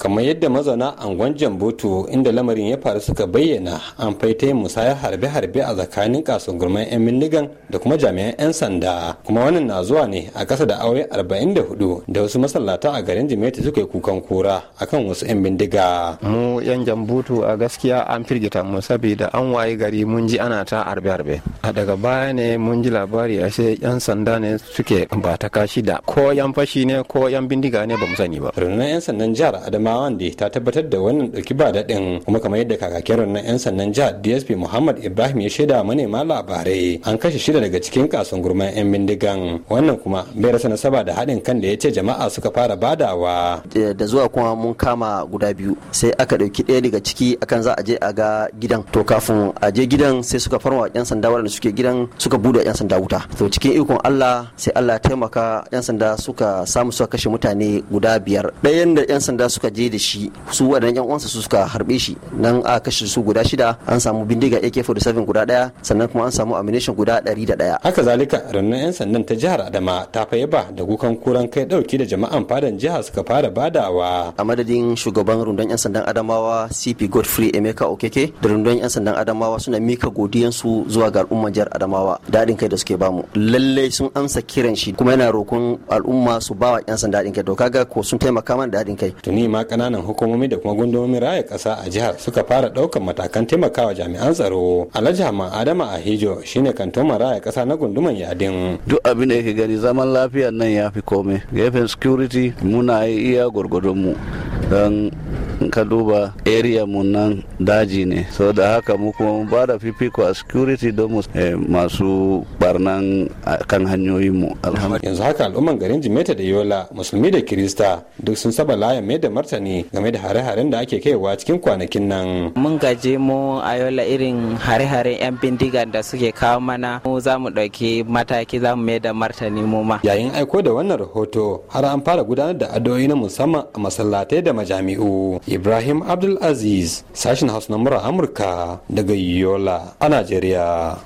kamar yadda mazauna angon jambutu inda lamarin ya faru suka bayyana an faita yin musayar harbe-harbe a tsakanin kasungurman 'yan bindigan da kuma jami'an 'yan sanda kuma wannan na zuwa ne a kasa da aure 44 da wasu masallata a garin jimeta suka yi kukan kura akan wasu 'yan bindiga mu 'yan jambutu a gaskiya an firgita mu saboda an waye gari mun ji ana ta harbe-harbe a daga baya ne mun ji labari ce 'yan sanda ne suke ba ta kashi da ko 'yan fashi ne ko 'yan bindiga ne ba mu sani ba rundunar 'yan sandan jihar adama adama wanda ta tabbatar da wannan dauki ba daɗin kuma kamar yadda kakakin rannan 'yan sannan jihar dsp muhammad ibrahim ya shaida manema labarai an kashe shida daga cikin kasan gurman 'yan bindigan wannan kuma bai rasa nasaba da haɗin kan da ya ce jama'a suka fara badawa da zuwa kuma mun kama guda biyu sai aka ɗauki ɗaya daga ciki akan za a je a ga gidan to kafin a je gidan sai suka farma 'yan sanda waɗanda suke gidan suka buɗe 'yan sanda wuta to cikin ikon allah sai allah taimaka 'yan sanda suka samu suka kashe mutane guda biyar ɗayan da 'yan sanda suka je je da shi su waɗannan yan uwansa su suka harbe shi nan a kashe su guda shida an samu bindiga AK47 guda daya sannan kuma an samu ammunition guda da 101 haka zalika rannan yan sandan ta jihar Adama ta fayyaba da gukan kuran kai dauki da jama'an fadan jihar suka fara badawa a madadin shugaban rundun yan sandan Adamawa CP Godfrey Emeka Okeke da rundun yan sandan Adamawa suna mika su zuwa ga al'ummar jihar Adamawa daɗin kai da suke bamu lallai sun amsa kiran shi kuma yana roƙon al'umma su bawa yan sanda dadin kai to kaga ko sun taimaka mana dadin kai tuni ma kananan hukumomi da kuma gundumomin raya kasa a jihar suka fara daukan matakan taimakawa jami'an tsaro alhaji hamman adama ahijo shine kantoman raya kasa na gunduman yadin duk abin da yake gani zaman lafiyar nan ya fi komai gefen security muna iya gwargwadon mu don in ka duba area mu nan daji ne So, da haka mu kuma mu bada fifiko a security don mu eh, masu barnan kan hanyoyin mu alhamdulillah. yanzu haka al'umman garin jimeta da yola musulmi da kirista duk sun saba layan mai da martani game da hare-haren da ake kaiwa cikin kwanakin nan mun gaje mu a yola irin hare-haren yan bindiga da suke kawo mana mu za mu ɗauki mataki za mu mai da martani mu ma yayin aiko da wannan rahoto har an fara gudanar da addu'o'i na musamman a masallatai da majami'u Ibrahim Abdulaziz sashen Hausa na Amurka daga Yola a Najeriya.